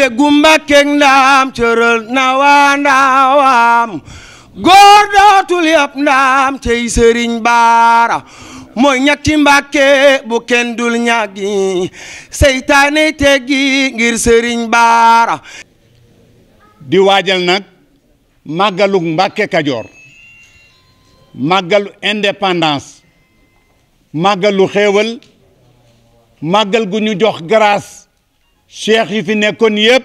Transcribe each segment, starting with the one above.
mbégumba keeg ndaam cëral na waa ndaawaam góor dootul yab ndaam cey sëriñ baara mooy ñetti mbàkke bu kenn dul ñàggi seytaane teggi ngir sëriñ baara di waajal nag màggalug mbàkke kajoor màggalu indépendance màggalu xéewal màggal gu ñu jox grâce cheikh yi fi nekkoon yëpp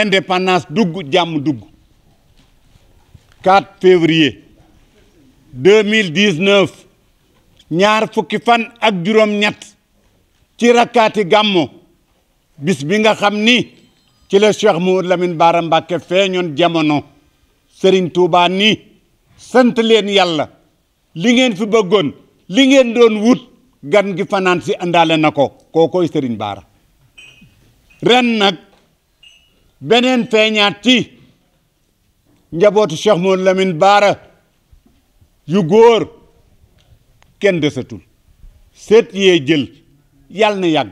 indépendance dugg jàmm dugg 4 février 2019 ñaar fukki fan ak juróom-ñett ci rakkaati gàmmo bis bi nga xam ni ci la cheikh mu lamin Bara Mbacké feeñoon jamono Serigne Touba ni sant leen yàlla li ngeen fi bëggoon li ngeen doon wut gan gi fanaan si indaale na ko koo koy Serigne Bara ren nak benen feeñaat ci njabootu Cheikh Mouhamed Lamine bara yu gor ken desatul seet yee jël yàlla na yag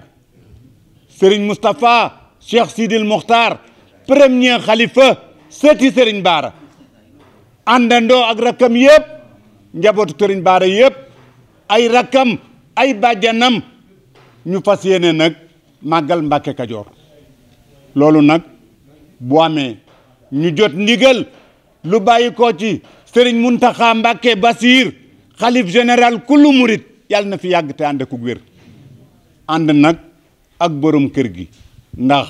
Serigne mustapha Cheikh Sidil Mokhtar premier khalifa seti Serigne bara andando ak rakam yeb njabootu Serigne bara yeb ay rakam ay bàjjanam ñu fasiyene nak màggal Mbàkke Kajoor loolu nag bu amee ñu jot ndigal lu bàyyi ko ci Sëriñ Muntaxa Mbàkke Basiir xalif général kullu murit yàlla na fi yàgg te ànd ak ànd nag ak borom kër gi ndax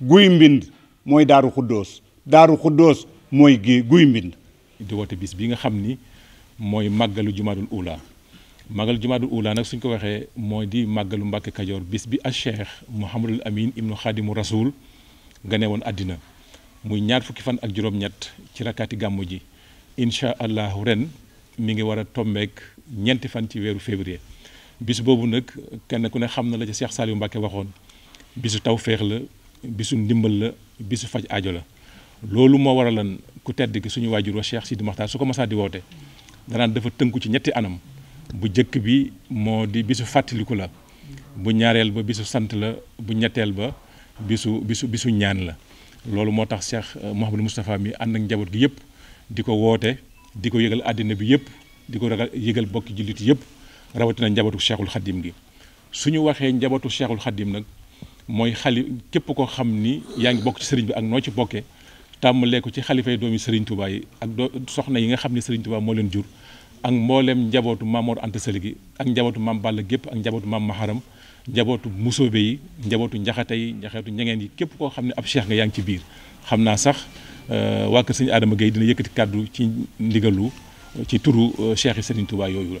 guy mbind mooy daaru xuddoos daaru xuddoos mooy gi guy mbind di woote bis bi nga xam ni mooy màggalu jumaadul ula magal jumaadul ula nag suñ ko waxee moo di màggalu Mbàkke Kajoor bis bi a cheikh Mouhamadul Amin ibnu Xaadimu Rasul nga ne woon àddina muy ñaar fukki fan ak juróom-ñett ci rakkaati gàmmu ji incha allahu ren mi ngi war a tombeek ñeenti fan ci weeru février bis boobu nag kenn ku ne xam na la ci Cheikh Saliou Mbacke waxoon bisu taw féex la bisu ndimbal la bisu faj ajo la loolu moo waraloon ku tedd ki suñu waajur wa Cheikh Sidi Makhtar su ko masaa di woote danaan dafa tënku ci ñetti anam bu jëkk bi moo di bisu fàttaliku la bu ñaareel ba bisu sant la bu ñetteel ba bisu bisu bisu ñaan la loolu moo tax Cheikh euh, Mouhamadou Moustapha mi ànd ak njaboot gi yëpp di ko woote di ko yëgal àddina bi yëpp di ko yégal yëgal bokki jullit yëpp rawatina njabootu Cheikhul xaddim gi su ñu waxee njabootu Cheikhul Khadim nag mooy xali képp koo xam ni yaa ngi bokk ci sëriñ bi ak noo ci bokkee tàmmalee ko ci xalifay doomi sëriñ Touba ak doo soxna yi nga xam ne sëriñ Touba moo leen jur ak mbooleem njabootu maam Mor Anta Sali ak njabootu maam Balla gépp ak njabootu maam Maharam njabootu musóobe yi njabootu njaxate yi njaxeetu ñengeen yi képp koo xam ne ab cheikh nga yaa ngi ci biir xam naa sax euh, waa kër sëñ Adama Gueye dina yëkkati kàddu ci ndigalu ci turu euh, cheikh yi Serigne yooyu la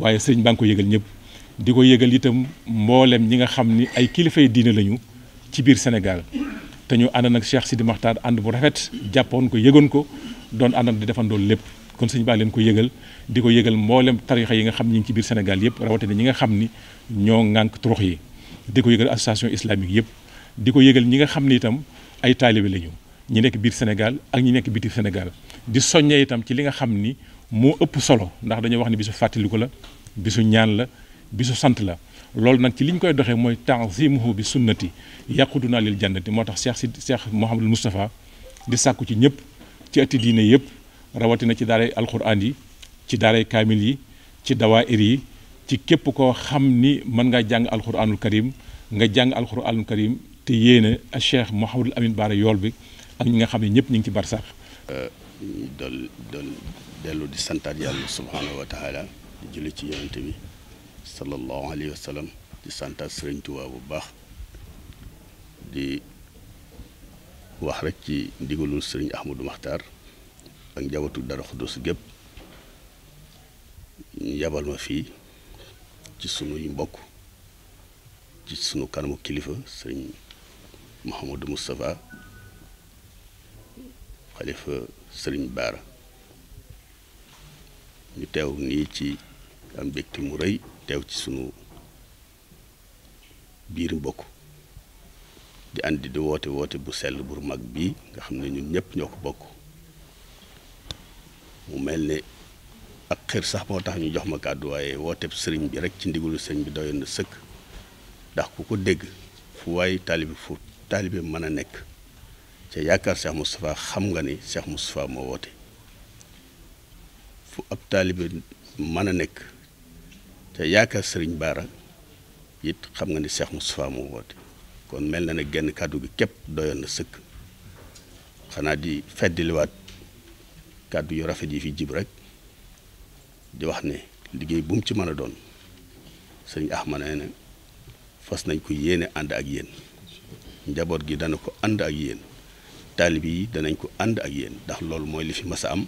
waaye sëriñ baa ngi ñëpp di ko yëgal itam mboolem ñi nga xam ni ay kilifay diine lañu ci biir Sénégal te ñu ànd nag cheikh di Makhtar ànd bu rafet jàppoon ko yëgoon ko doon ànd di defandoo lépp kon sëñ baa leen ko yëgal di ko yëgal mboolem tarixa yi nga xam ñi ngi ci biir Sénégal yëpp rawatina ñi nga xam ni ñoo ŋànk turux yi di ko yëgal association islamique yëpp di ko yëgal ñi nga xam ni itam ay taalibe lañu ñi nekk biir Sénégal ak ñi nekk biti Sénégal di soññee itam ci li nga xam ni moo ëpp solo ndax dañoo wax ni bisu fàttaliku la bisu ñaan la bisu sant la loolu nag ci li ñu koy doxee mooy tanzimuhu bi sunnati naa lil jannati moo tax Cheikh si Cheikh Mouhamadul Moustapha di sàkku ci ñëpp ci atti diine yëpp rawatina ci daaray alxuraan yi ci daaray kaamil yi ci dawaayir yi ci képp koo xam ni mën ngaa jàng alxuraanul karim nga jàng alxuraanul karim te yéene a cheikh Mouhamadul Amin Baara yool bi ak ñi nga xam ne ñëpp ñu ngi ci barsax. Euh, dool dool dellu di santaat yàlla subhaanahu wa di julli ci yonante bi sallallahu alayhi wa di santaat sëriñ Tuubaa bu baax di wax rek ci ndigalul sëriñ Ahmadou Maxtaar ak njabootu dara xudus gépp ñu ma fii ci sunuy mbokk ci sunu kanamu kilifa sëriñ Mouhamadou Moustapha xalifa sëriñ Baara ñu teew nii ci am mbégte mu rëy teew ci sunu biir mbokk di andi di woote woote bu sell bu mag bii nga xam ne ñun ñëpp ñoo ko bokk mu mel ne ak xër sax boo tax ñu jox ma kàddu waaye wooteeb sëriñ bi rek ci ndigalu sëriñ bi doyoon na sëkk ndax ku ko dégg fu waaye taalibi fu taalibi mën a nekk ca yaakaar Cheikh Moustapha xam nga ni Cheikh Moustapha moo woote fu ab taalibi mën a nekk te yaakaar sëriñ Baara it xam nga ni Cheikh Moustapha moo woote kon mel na ne genn kàddu bi képp doyoon na sëkk xanaa di feddiliwaat kàddu yu rafet yi fi jib rek di wax ne liggéey bu mu ci mën a doon sëñ Axma nee na fas nañ ko yéene ànd ak yéen njaboot gi dana ko ànd ak yéen taalib yi danañ ko ànd ak yéen ndax loolu mooy li fi mas a am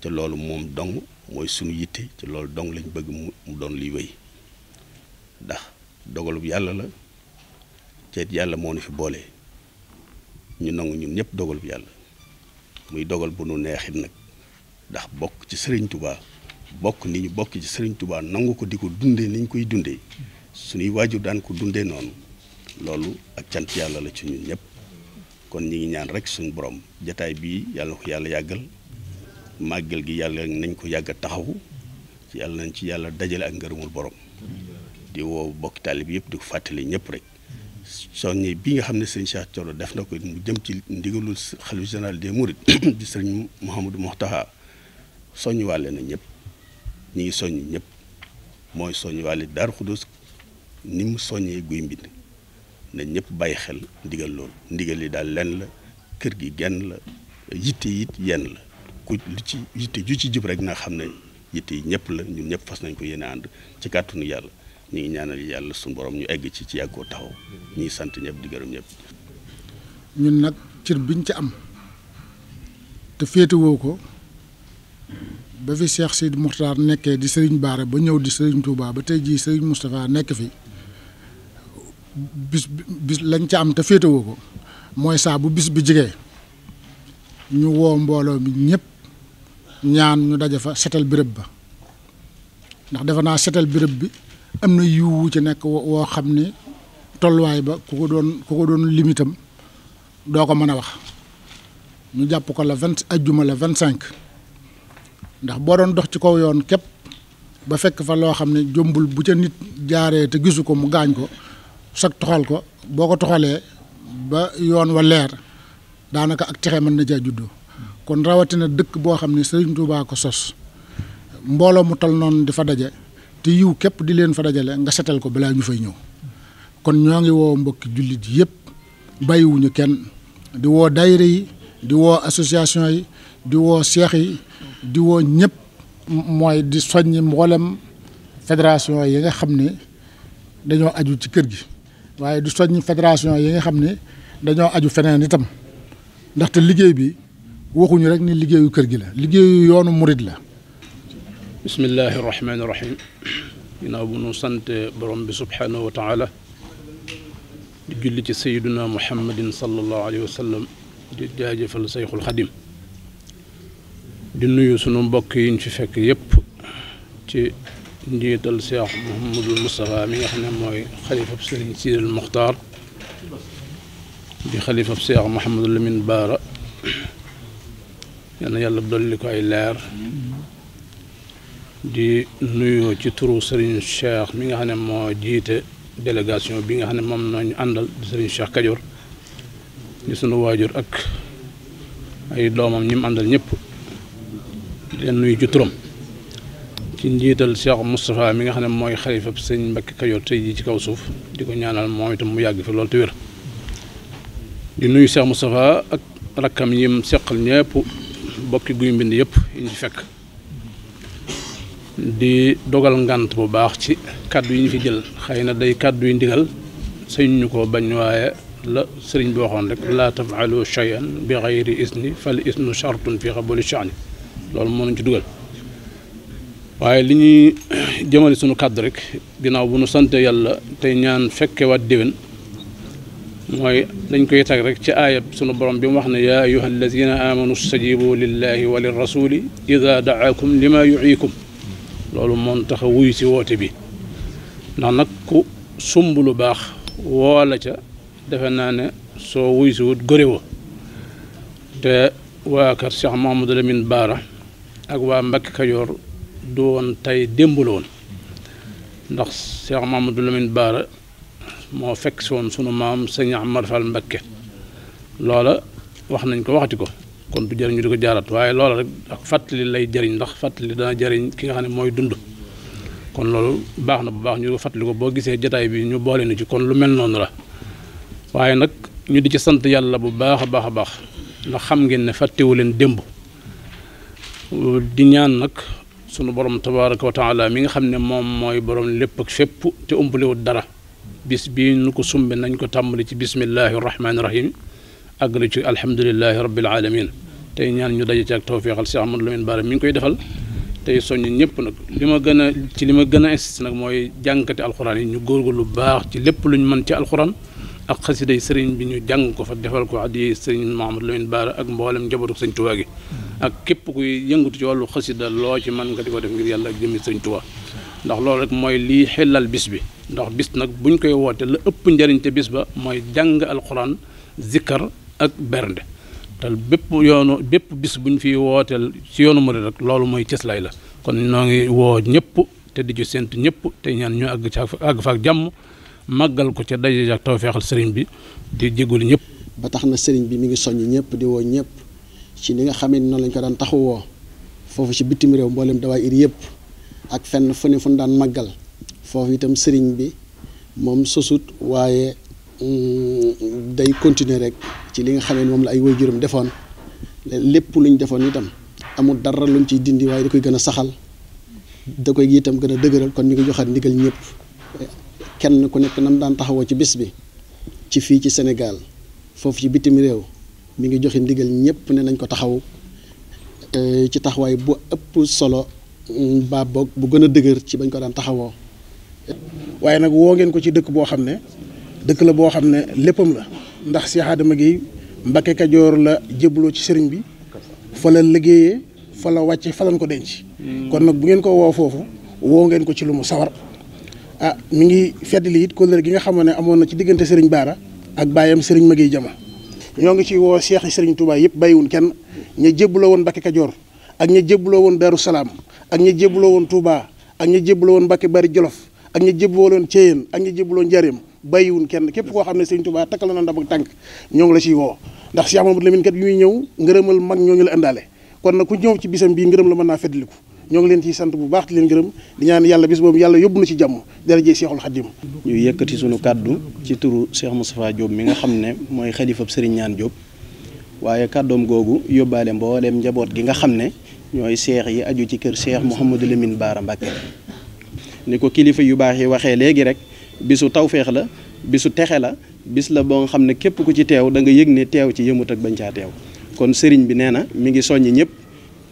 te loolu moom dong mooy sunu yitte ci loolu dong lañ bëgg mu doon liy wéy ndax dogalub yàlla la ceet yàlla moo nu fi boole ñu nongu ñun ñëpp dogalub yàlla muy dogal bu nu neexit nag ndax bokk ci sëriñ tubaa bokk ni ñu bokk ci Serigne Touba nangu ko di ko dundee ni koy dundee suñuy waajur daan ko dundee noonu loolu ak cant yàlla la ci ñun ñëpp kon ñi ngi ñaan rek suñu borom jataay bii yàlla ko yàlla yàggal màggel gi yàlla nañ ko yàgg a taxawu ci yàlla nañ ci yàlla dajale ak ngërëmul borom di woo bokk taalib yëpp di ko fàttali ñëpp rek soññe bi nga xam ne sëñ Cheikh Thioro def na ko mu jëm ci ndigalul xalifa général des mourides di sëriñ Mouhamadou wàlle na ñëpp ñu ngi soññ ñëpp mooy soññuwaale Daaru Xudus ni mu soññee guy mbind na ñëpp bàyyi xel ndigal loolu ndigal li daal lenn la kër gi genn la yitte it yenn la ku lu ci yitte ju ci jub rek na xam ne yitte yi ñëpp la ñun ñëpp fas nañ ko yéene ànd ci kàttanu yàlla ñu ngi ñaanal yàlla suñu borom ñu egg ci ci yàggoo taxaw ñu sant ñëpp di gërëm ñëpp. ñun nag cër biñ ci am te féetewoo ko. ba fi Cheikh Sidi Moukhtar nekkee di Serigne Bara ba ñëw di Serigne Touba ba tey jii Serigne Moustapha nekk fi bis bis lañ ca am te féetewoo ko mooy saabu bis bi jigee ñu woo mbooloo bi ñëpp ñaan ñu daje fa setal béréb ba ndax defe naa setal béréb bi am na yiwu ci nekk woo xam ni tolluwaay ba ku ko doon ku ko doon limitam doo ko mën a wax ñu jàpp ko la vingt ajjuma la vingt cinq ndax boo doon dox ci kaw yoon képp ba fekk fa loo xam ne jombul bu ca nit jaaree te gisu ko mu gaañ ko sag toxal ko boo ko toxalee ba yoon wa leer daanaka ak texe mën na caa juddoo kon rawatina dëkk boo xam ne Serigne Touba ko sos mbooloo mu tal noonu di fa daje te yiw képp di leen fa dajale nga setal ko balaa ñu fay ñëw kon ñoo ngi woo mbokki jullit yëpp bàyyiwuñu kenn di woo daayira yi di woo association yi di woo seex yi. di woo ñëpp mooy di soññ mboolem fédération yi nga xam ne dañoo aju ci kër gi waaye du soññ fédération yi nga xam ne dañoo aju feneen itam ndaxte liggéey bi waxuñu rek ni liggéeyu kër gi la liggéeyu yoonu murit la bismillahi rahmaani rahim ginnaaw bu nu sant borom bi subhaanahu wa taala di julli ci sayiduna muhammadin sallallahu alayhi wa di nuyu sunu mbokk yiñ fi fekk yépp ci njiital Cheikh Mouhamadul Moustapha mi nga xam ne mooy xalifab Serigne Sidil Muxtaar di xalifab Cheikh Mouhamadul Lamine Baara yal na yàlla dolli ko ay leer di nuyoo ci turu Serigne Cheikh mi nga xam ne moo jiite délégation bi nga xam ne moom nañu àndal di Serigne Cheikh Kajoor di sunu waajur ak ay doomam ñi mu àndal ñëpp leen nuyu ci turam ci njiital Cheikh Moustapha mi nga xam ne mooy xalifa sëñ Mbacke Kajoor tey jii ci kaw suuf di ko ñaanal moom itam mu yàgg fi loolu te wér di nuyu Cheikh Moustapha ak rakkam yim seqal ñëpp bokki guy mbind yëpp yi ñu fekk di dogal ngant bu baax ci kàddu yi ñu fi jël xëy na day kàddu yi ndigal sëñ ñu ko bañ waaye la sëriñ bi waxoon rek laa tafaalu cheyan bi xayri isni fal isnu chartun fi xabuli chani loolu moo ñu ci dugal waaye li ñuy jëmale sunu kàddu rek ginnaaw bu nu sante yàlla tey ñaan fekkewaat déwén mooy dañ koy tag rek ci aayab sunu borom bi mu wax ne yaa ayuha alladina amanu stajibu lillahi wa lirrasuli ida daakum lima yuikum loolu moon tax a wuy si woote bi ndax nag ku sumb lu baax woola ca defe naa ne soo wuy si wut góréwa te waa kër Cheikh Mahamadou Lamine Baara ak waa Mbacke Kajoor du woon tey démb la woon ndax Cheikh Mamadou Lamine Baara moo fekk si woon sunu maam sëñ Amar Fall Mbacke loola wax nañ ko waxati ko kon du jëriñ ñu di ko jaaraat waaye loola rek ak fàttali lay jëriñ ndax fàttali dana jëriñ ki nga xam ne mooy dund kon loolu baax na bu baax ñu fàttali ko boo gisee jataay bi ñu boole na ci kon lu mel noonu la waaye nag ñu di ci sant yàlla bu baax a baax a baax ndax xam ngeen ne fàttewu leen démb di ñaan nag sunu borom tabaraka wa taala mi nga xamne mom moy borom lépp ak fépp te wu dara bis bi nu ko sumbe nañ ko tàmbali ci bismillahir rahmanir rahim àggale ci alhamdulilahi rabbil alamin tey ñaan ñu daje ci ak tawfiixal Cheikh Ahmadou Lamine bare mi ngi koy defal tey soñu ñëpp nak lima gëna ci lima gëna insist nak moy jankati alquran ñu lu baax ci lépp luñu mën ci alquran ak xasiday sëriñ bi ñu jàng ko fa defal ko adiy sëriñ mohammed Lamine bare ak mbolam njabootu serigne touba gi ak képp kuy yëngatu ci wàllu xasida loo ci mën nga di ko def ngir yàlla ak jëmmi sëñ Tuubaa ndax loolu rek mooy lii xelal bis bi ndax bis nag bu buñ koy woote la ëpp njariñ te bis ba mooy jàng alxuraan zikkar ak bernde te bépp yoonu bépp bis buñ fiy wooteel ci yoonu murid rek loolu mooy cëslaay la kon noo ngi woo ñëpp te di ju séntu ñëpp te ñaan ñu àgg ca àgg faak jàmm màggal ko ca daje ak tawfeexal sëriñ bi di jégalu ñëpp. ba tax na sëriñ bi mi ngi soññ ñëpp di woo ñëpp. ci li nga xamee noonu lañ ko daan taxawoo foofu ci bitim réew mboolem dawaay ir yëpp ak fenn fu ne fu ñu daan màggal foofu itam sëriñ bi moom sosut waaye mm, day continuer rek ci li nga xamee moom la ay waajuram defoon lépp luñ defoon itam amul dara luñ ciy dindi waaye da koy gën a saxal da koy itam gën a dëgëral kon ñu ngi joxaat ndigal ñëpp kenn ku nekk nam daan taxawoo ci bis bi ci fii ci senegal foofu ci bitim réew mi ngi joxe ndigal ñepp ne nañ ko taxaw ci taxway bu ëpp solo mm, ba bok bu gëna a dëgër ci bañ ko daan taxawo waye nak wo ngeen ko ci dëkk bo xamne dëkk la bo xamne leppam la ndax Cheikh Adama Guèye ka jor la jëbloo ci sëriñ bi fa la fa la fa lañ ko denc. kon nak bu ngeen ko wo fofu wo ngeen ko ci lu mu sawar. ah mi ngi fédli it ko leer gi nga xamoon amono ci digënté sëriñ Baara ak bayam sëriñ magay Jama ñoo ngi ci woo seex yi sëriñ Touba yëpp bàyyiwun kenn ña jébbaloo woon Mbakke Kajoor ak ña jébbaloo woon Daaru Salaam ak ña jébbaloo woon Touba ak ña jébbaloo woon Mbakke Bari Jolof ak ña jébbaloo woon Ceyeen ak ña jébbaloo Njaaréem bàyyiwun kenn képp koo xam ne sëriñ Touba takkal na ndam ak tànk ñoo ngi la ciy woo ndax Cheikh Mamadou Lamine kat bi muy ñëw ngërëmal mag ñoo ñu la indaale kon nag ku ñëw ci bisam bi ngërëm la mën naa feddaliku ñoo ngi leen ciy sant bu baax di leen gërëm di ñaan yàlla bis boobu yàlla yóbbu na ci jàmm daraje Seexul Xadim ñu yëkkati sunu kàddu ci turu Cheikh Moustapha Diop mi nga xam ne mooy xalifab Serigne Niane Diop waaye kàddoom googu yóbbaale mbooleem njaboot gi nga xam ne ñooy seex yi aju ci kër Cheikh Mouhamadou Lamine Bara Mbacké ni ko kilifa yu baax yi waxee léegi rek bisu tawféex la bisu texe la bis la boo nga xam ne képp ku ci teew da nga yëg ne teew ci yëmut ak bañ caa teew kon sëriñ bi nee na mi ngi soññ ñëpp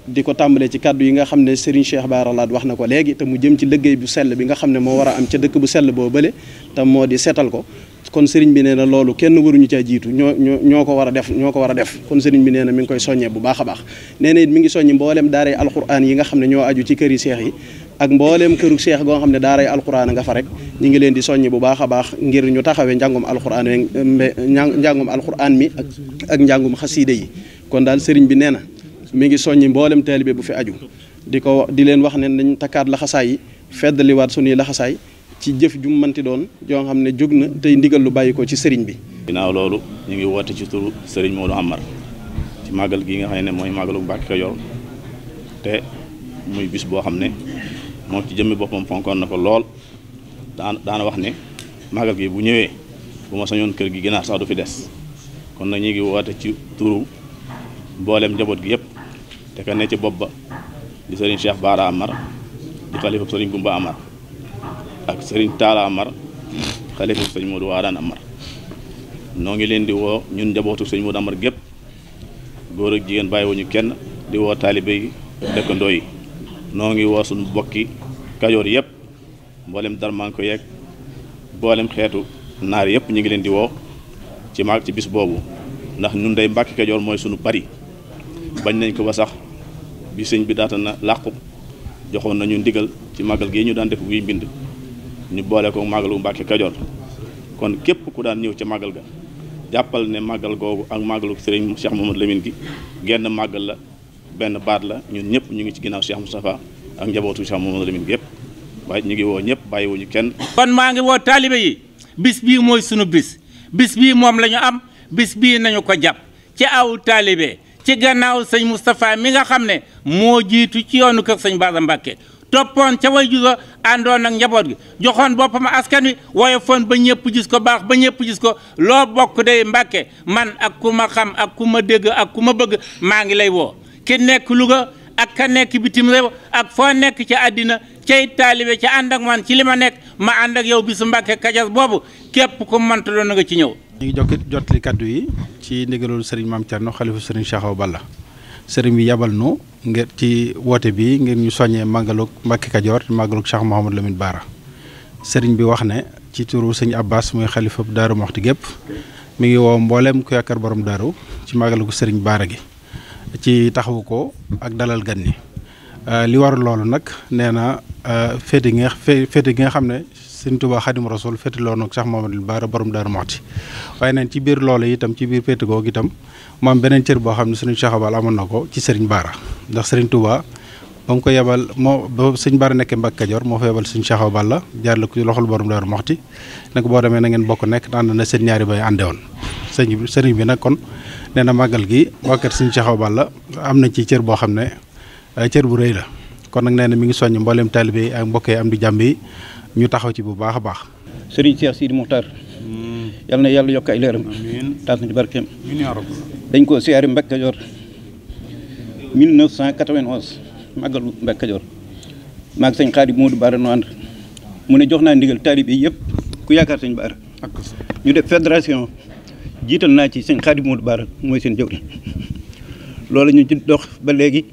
di ko tàmbalee ci kàddu yi nga xam ne Serigne Cheikh Bara Lahad wax na ko léegi te mu jëm ci liggéey bu sell bi nga xam ne moo war am ca dëkk bu sell boo bële te moo di seetal ko kon sëriñ bi nee na loolu kenn waruñu caa jiitu ñoo ñoo ñoo ko war a def ñoo ko war a def kon Serigne bi nee na mi ngi koy soññee bu baax a baax nee na it ngi soññi mboolem daaray alxuraan yi nga xam ne ñoo aju ci kër yi seex yi ak mboolem këru seex goo xam ne daaray alxuraan nga fa rek ñi ngi leen di soññi bu baax a baax ngir ñu taxawee njàngum alxuraan njàngum alxuraan mi ak njàngum xasiide yi kon daal Serigne bi nee na mi ngi soññi mboolem taalibe bu fi aju di ko di leen wax ne nañ takkaat laxasaay yi feddaliwaat sunuy laxasaay ci jëf ju manti doon joo xam ne jóg na tey ndigal lu bàyyi ko ci sëriñ bi. ginnaaw loolu ñu ngi woote ci turu sëriñ Modou Amar ci màggal gi nga xam ne mooy màggalu Mbàkke Kajoor te muy bis boo xam ne moom ci jëmmi boppam fonkoon na ko lool daan wax ne màggal gi bu ñëwee bu ma kër gi ginaar sax du fi des kon na ñu ngi woote ci turu mboolem njaboot gi yëpp te ka ne ci bopp ba di sëriñ Cheikh Baara Amar di xalifa sëriñ Gumba Amar ak sëriñ Taala Amar xalifa sëñ Modou Waaraan Amar noo ngi leen di woo ñun njabootu sëñ Modou Amar gépp góor ak jigéen bàyyi wuñu kenn di woo taalibe yi dëkkandoo yi noo ngi woo suñu bokki kajoor yëpp mboolem darmanko yeeg mboolem xeetu naar yëpp ñu ngi leen di woo ci maag ci bis boobu ndax ñun day mbàkki kajoor mooy suñu bari bañ nañ ko ba sax bi sëñ bi daata na làqu joxoon nañu ndigal ci màggal gi ñu daan def buy mbind ñu boole ko màggalu Mbàkke Kajoor kon képp ku daan ñëw ca màggal ga jàppal ne màggal googu ak màggalu sëriñ Cheikh Mamadou Lamine gi genn màggal la benn baat la ñun ñëpp ñu ngi ci ginnaaw Cheikh Moustapha ak njabootu Cheikh Mamadou Lamine gi yëpp waaye ñu ngi woo ñëpp bàyyiwuñu kenn kon maa ngi woo taalibe yi bis bii mooy sunu bis bis bii moom la ñu am bis bii nañu ko jàpp ci aw taalibe ci gannaaw sëñ Moustapha mi nga xam ne moo jiitu ci yoonu kër sëñ Baara mbake toppoon ca way juga àndoon ak njaboot gi joxoon boppam askan wi woyofoon ba ñëpp gis ko baax ba ñëpp gis ko loo bokk day mbake man ak ku ma xam ak ku ma dégg ak ku ma bëgg maa ngi lay woo ki nekk Louga ak ka nekk bitim réew ak foo nekk ca àddina cay taalibe ca ànd ak man ci li ma nekk ma ànd ak yow bisu mbake Kajoor boobu képp ku mënta doon nga ci ñëw ñi ngi jokk jotli kaddu yi ci ndigalul Serigne mam tierno khalifu Serigne Cheikh Balla sëriñ bi yabal nu ngir ci wote bi ngir ñu soññee màggalug mbacke kadior màggalug Cheikh mohammed Lamine Bara serigne bi wax ne ci turu serigne Abbas muy khalifu daru Moxti gep mi ngi wo mbollem ku yakkar borom daru ci màggalug serigne Bara gi ci taxawu ko ak dalal ganni li war lolu nak neena euh, fete nga nga sëñ Tuubaa Xaadimu Rasuul féetaloo nag Cheikh Mouhamadul Baara borom Daaru Muxti waaye nag ci biir loolu itam ci biir féete googu itam mu am beneen cër boo xam ne sëriñ Cheikh Abal amoon na ko ci sëriñ Baara ndax sëriñ Tuubaa ba mu yebal moo ba sëñ Baara nekkee Mbàkke Kajoor moo fa yebal sëñ Cheikh la jaar la loxol borom Daaru Muxti nag boo demee na ngeen bokk nekk ànd na seen ñaari bay ànde woon sëñ bi sëriñ bi nag kon nee na màggal gi wàkkat sëñ Cheikh Abal am na ci cër boo xam ne cër bu rëy la kon nag nee na mi ngi soññ mbooleem taalibe yi ak mbokk yi am di jàmb yi ñu taxaw ci bu baax a baax. sëriñ Cheikh Sidi Moukhtar. Hmm. yal na yàlla yokk ay leeram. amiin taas na ci barkeem. dañ ko siyaari Mbacke Kajoor 1991 màggalu Mbacke Kajoor maag sëñ Xaadi Moodu Baara no mu ne jox naa ndigal taalib yi yëpp ku yaakaar sëñ Baara. ñu def fédération jiital naa ci sëñ Xaadi du Baara mooy seen jëwriñ loolu ñu ci dox ba léegi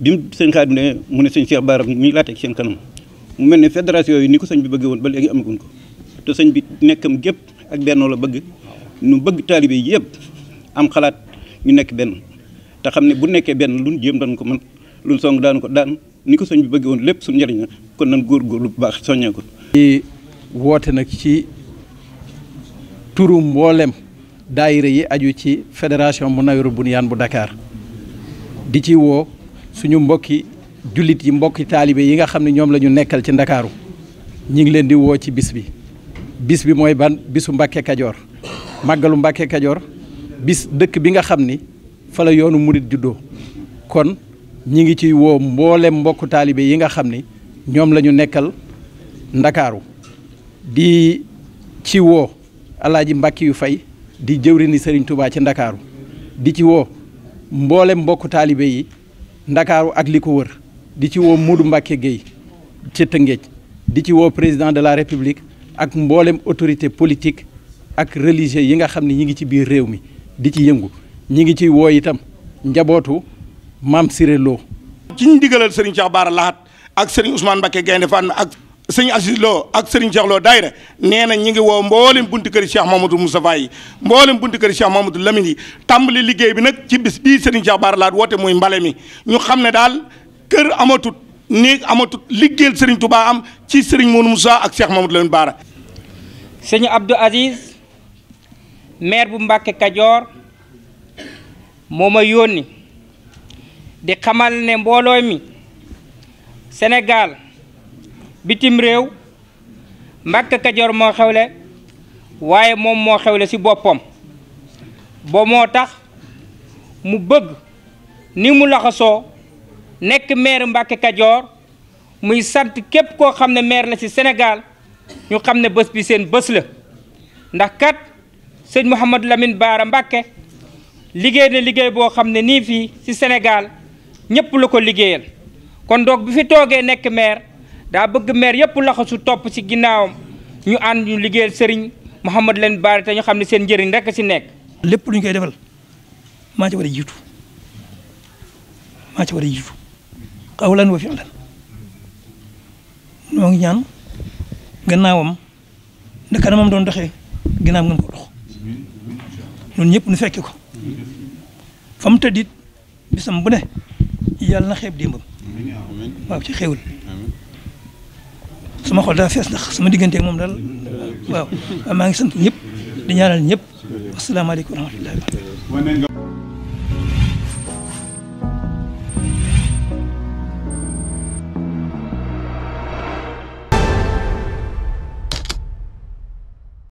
bi mu sëñ Xaadi ne mu ne sëñ Cheikh Baara mi ngi seen kanam. mu mel ni fédération yi ni ko sëñ bi bëgg woon ba léegi amaguñ ko te sëñ bi nekkam gépp ak bennoo la bëgg nu bëgg taalibe yëpp am xalaat ñu nekk benn te xam ne bu nekkee benn luñ jëm daan ko mën lu song daan ko daan ni ko sëñ bi bëgg woon lépp su njariñ la kon góor góorgóorlu bu baax soñee ko di woote nag ci turu mbooleem daayira yi aju ci fédération Munawwirul Bunyaan bu dakaar di ci woo suñu mbokki jullit yi mbokki taalibe yi nga xam ne ñoom lañu ñu nekkal ci ndakaaru ñi ngi leen di woo ci bis bi bis bi mooy ban bisu Mbàkke Kajoor màggalu Mbàkke Kajoor bis dëkk bi nga xam ni fa la yoonu murit juddoo kon ñi ngi ci woo mboolem mbokku taalibe yi nga xam ni ñoom la ñu nekkal ndakaaru di ci woo alaaji mbàkki yu fay di ni sëriñ tubaa ci ndakaaru di ci woo mboolem mbokku taalibe yi ndakaaru ak li ko wër di ci woo Modou Mbacké Gueye ca Tëngéej di ci woo président de la république ak mboolem autorité politique ak religieux yi nga xam ni ñi ngi ci biir réew mi di ci yëngu ñi ngi ci woo itam njabootu maam Siré Lo ci ñu digalal Serigne Cheikh Bara Lahat ak Serigne Ousmane Mbacké Gaynde Fatma ak sëñ Assis Lo ak Serigne Cheikh Lo daayira nee na ñi ngi woo mboolem buntu kër Cheikh Mamadou Moustapha yi mboolem buntu kër Cheikh Mamadou Lamine yi tàmbali liggéey bi nag ci bis bii Serigne Cheikh Bara woote muy mbale mi ñu xam ne daal kër amatut néeg amatut liggéeyal Serigne Touba am ci sëriñ Mounou Moussa ak Cheikh Mamadou Lamine Bara. sëñ Abdou Aziz maire bu Mbacke Kajoor moo ma yónni di xamal ne mbooloo mi Sénégal bitim réew Mbacke Kajoor moo xewle waaye moom moo xewle ci boppam ba moo tax mu bëgg ni mu laxasoo. nekk maire Mbacke Kajoor muy sant képp koo xam ne maire la ci senegaal ñu xam ne bës bi seen bës la ndax kat sëñ Mouhamadou Lamine Baara Mbacke liggéey na liggéey boo xam ne nii fii ci senegaal ñëpp la ko liggéeyal kon doog bi fi toogee nekk maire daa bëgg maire yëpp laxasu topp ci ginnaawam ñu ànd ñu liggéeyal sëriñ Mouhamadou Lamine Baara te ñu xam ne seen njëriñ rek ci nekk. lépp lu ñu koy defal maa ci war a jiitu maa ci war a jiitu. qawlan wa fi'lan noo ngi ñaan gannaawam na moom doon doxe ginnaaw ngeen ko dox noonu ñëpp nu fekki ko fa mu tëddit bisam bu ne na xeeb démbam waaw ci xéewal sama xol daa fees ndax sama digganteeg moom daal waaw maa ngi sant ñëpp di ñaanal ñëpp asalaamaaleykum wa rahmatullahi